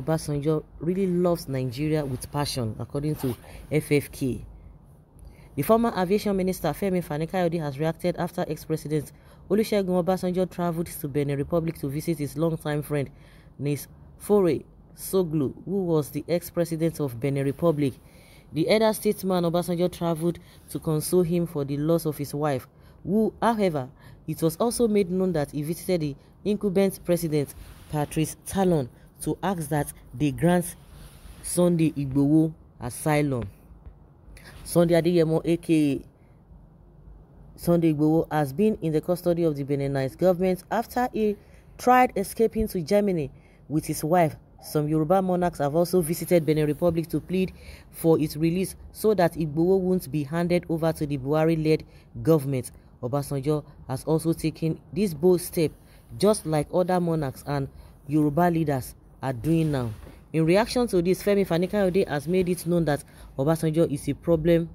Obasanjo really loves Nigeria with passion, according to FFK. The former aviation minister Femi Fanikayode has reacted after ex-president Olusegun Obasanjo traveled to Benin Republic to visit his longtime friend Nis Fore Soglu, who was the ex-president of Benin Republic. The elder statesman Obasanjo traveled to console him for the loss of his wife, who, however, it was also made known that he visited the incumbent president Patrice Talon to ask that they grant Sunday Igbowo asylum. Sunday Adeyemo, aka Sunday Igbowo, has been in the custody of the Beninite government after he tried escaping to Germany with his wife. Some Yoruba monarchs have also visited Benin Republic to plead for its release so that Igbowo won't be handed over to the Buhari-led government. Obasanjo has also taken this bold step, just like other monarchs and Yoruba leaders, are doing now. In reaction to this, Femi Fanikayode has made it known that Obasanjo is a problem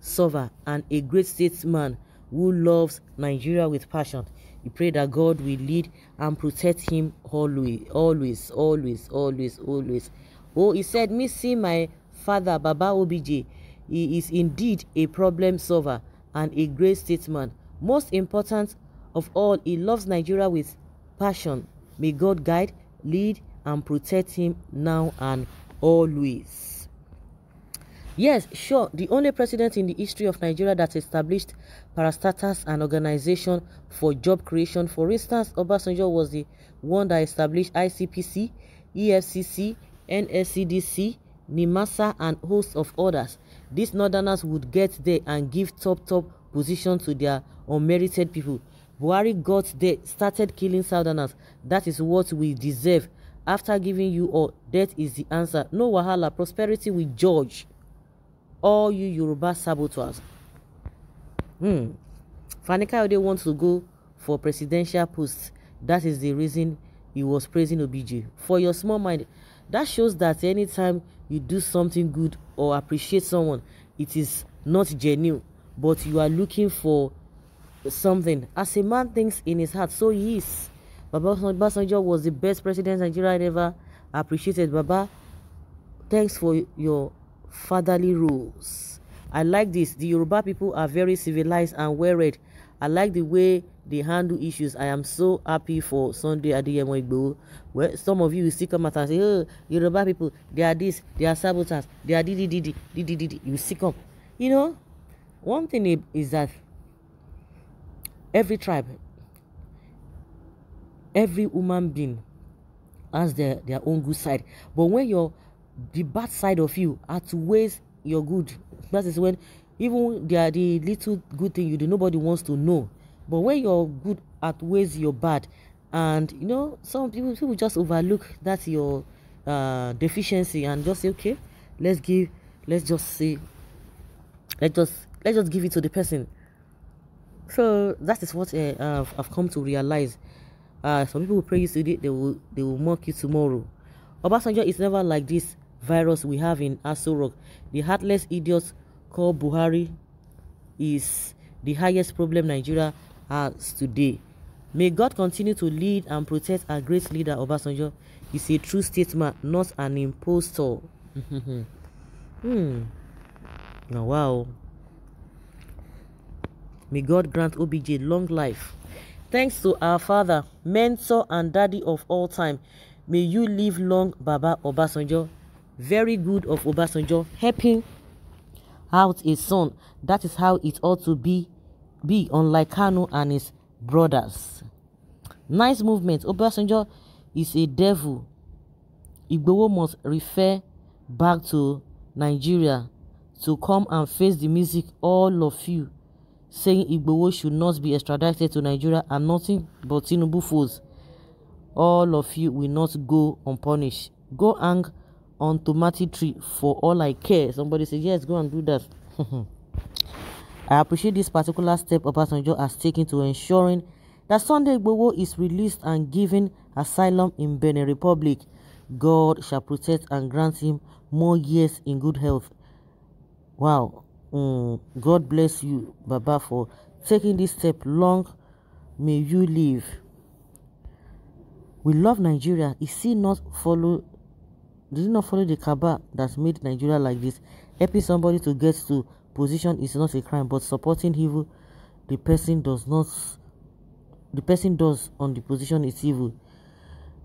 solver and a great statesman who loves Nigeria with passion. He prayed that God will lead and protect him always, always, always, always, always. Oh, he said, me see my father, Baba J. He is indeed a problem solver and a great statesman. Most important of all, he loves Nigeria with passion. May God guide, lead, and protect him now and always. Yes, sure, the only president in the history of Nigeria that established parastatus and organization for job creation. For instance, Obasanjo was the one that established ICPC, EFCC, NSCDC, NIMASA, and hosts of others. These northerners would get there and give top, top position to their unmerited people. Buhari got there, started killing southerners. That is what we deserve. after giving you all death is the answer no wahala prosperity will judge all you yoruba saboteurs hmm Fani Kayode wants to go for presidential post that is the reason he was praising Obiji for your small mind that shows that anytime you do something good or appreciate someone it is not genuine but you are looking for something as a man thinks in his heart so he is Baba Obasanjo was the best president Nigeria had ever appreciated. Baba, thanks for your fatherly rules. I like this. The Yoruba people are very civilized and well-read. I like the way they handle issues. I am so happy for Sunday Adeyemo Igboho. Well, some of you will still come out and say, oh, Yoruba people, they are this, they are saboteurs, they are ddd, ddd. You still come. You know, one thing is that every tribe every human being has their, their own good side. But when your the bad side of you outweighs your good, that is when even the, the little good thing you do, nobody wants to know. But when your good outweighs your bad, and you know, some people people just overlook that your uh, deficiency and just say, okay, let's give, let's just say, let's just let's just give it to the person. So that is what uh, I've, I've come to realize. Uh, some people will pray you today, they will they will mock you tomorrow. Obasanjo is never like this virus we have in Asurok. The heartless idiots called Buhari is the highest problem Nigeria has today. May God continue to lead and protect our great leader Obasanjo. He's a true statesman, not an impostor. hmm. Now, wow. May God grant OBJ long life. Thanks to our father, mentor and daddy of all time, may you live long, Baba Obasanjo. Very good of Obasanjo, helping out his son. That is how it ought to be, be unlike Kanu and his brothers. Nice movement. Obasanjo is a devil. Igbowo must refer back to Nigeria to come and face the music, all of you saying Igbowo should not be extradited to Nigeria and nothing but Tinubu fools. All of you will not go unpunished. Go hang on tomato tree for all I care. Somebody says, yes, go and do that. I appreciate this particular step Obasanjo has taken to ensuring that Sunday Igbowo is released and given asylum in Benin Republic. God shall protect and grant him more years in good health. Wow, um, God bless you, Baba, for taking this step. Long may you live. We love Nigeria. Is he not follow? Did he not follow the Kaaba that made Nigeria like this? Helping somebody to get to position is not a crime, but supporting evil, the person does not. The person does on the position is evil.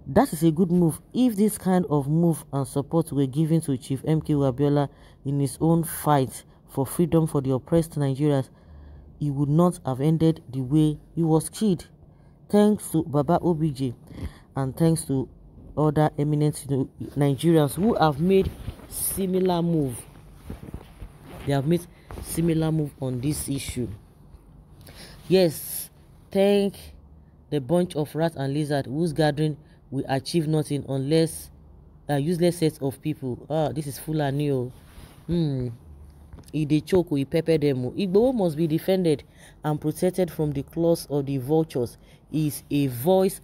That is a good move. If this kind of move and support were given to Chief MK Wabiola in his own fight, for freedom for the oppressed Nigerians, it would not have ended the way it was killed. Thanks to Baba OBJ and thanks to other eminent Nigerians who have made similar move. They have made similar move on this issue. Yes, thank the bunch of rats and lizards whose gathering will achieve nothing unless a uh, useless set of people. Ah, this is full and new. Oh. Hmm. Idechoko, Ipepedemo. Igboho must be defended and protected from the claws of the vultures. He is a voice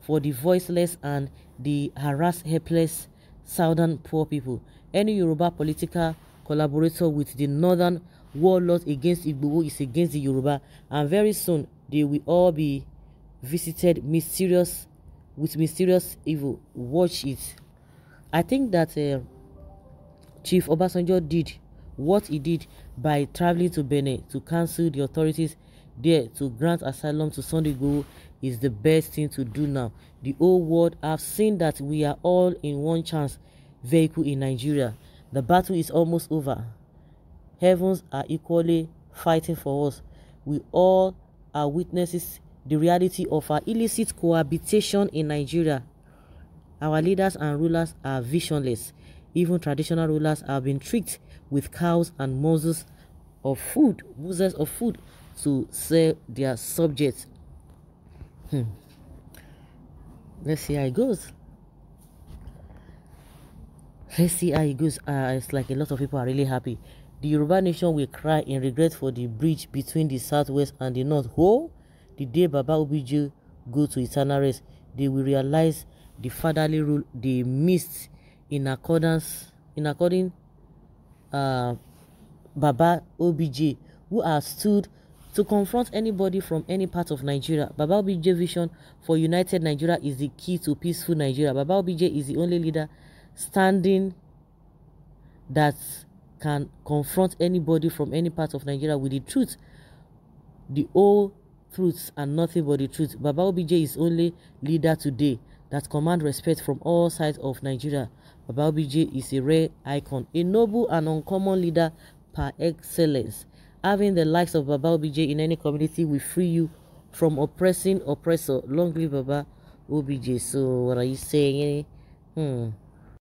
for the voiceless and the harassed, helpless southern poor people. Any Yoruba political collaborator with the northern warlords against Igboho is against the Yoruba, and very soon they will all be visited mysterious with mysterious evil. Watch it. I think that uh, Chief Obasanjo did what he did by traveling to Benin to cancel the authorities there to grant asylum to Sunday Igboho is the best thing to do now. The whole world have seen that we are all in one chance vehicle in Nigeria. The battle is almost over. Heavens are equally fighting for us. We all are witnesses the reality of our illicit cohabitation in Nigeria. Our leaders and rulers are visionless. Even traditional rulers have been tricked with cows and muzzles of food, muzzles of food to sell their subjects. Hmm. Let's see how it goes. Let's see how it goes. Uh, it's like a lot of people are really happy. The Yoruba nation will cry in regret for the bridge between the southwest and the north. Who, oh, the day Baba Obiju go to eternal rest, they will realize the fatherly rule they missed in accordance in according uh, Baba OBJ who has stood to confront anybody from any part of Nigeria. Baba OBJ vision for united Nigeria is the key to peaceful Nigeria. Baba OBJ is the only leader standing that can confront anybody from any part of Nigeria with the truth, the old truths and nothing but the truth. Baba OBJ is only leader today that command respect from all sides of Nigeria. Baba Obije is a rare icon, a noble and uncommon leader par excellence. Having the likes of Baba Obije in any community will free you from oppressing oppressor. Long live Baba Obije. So what are you saying? Hmm.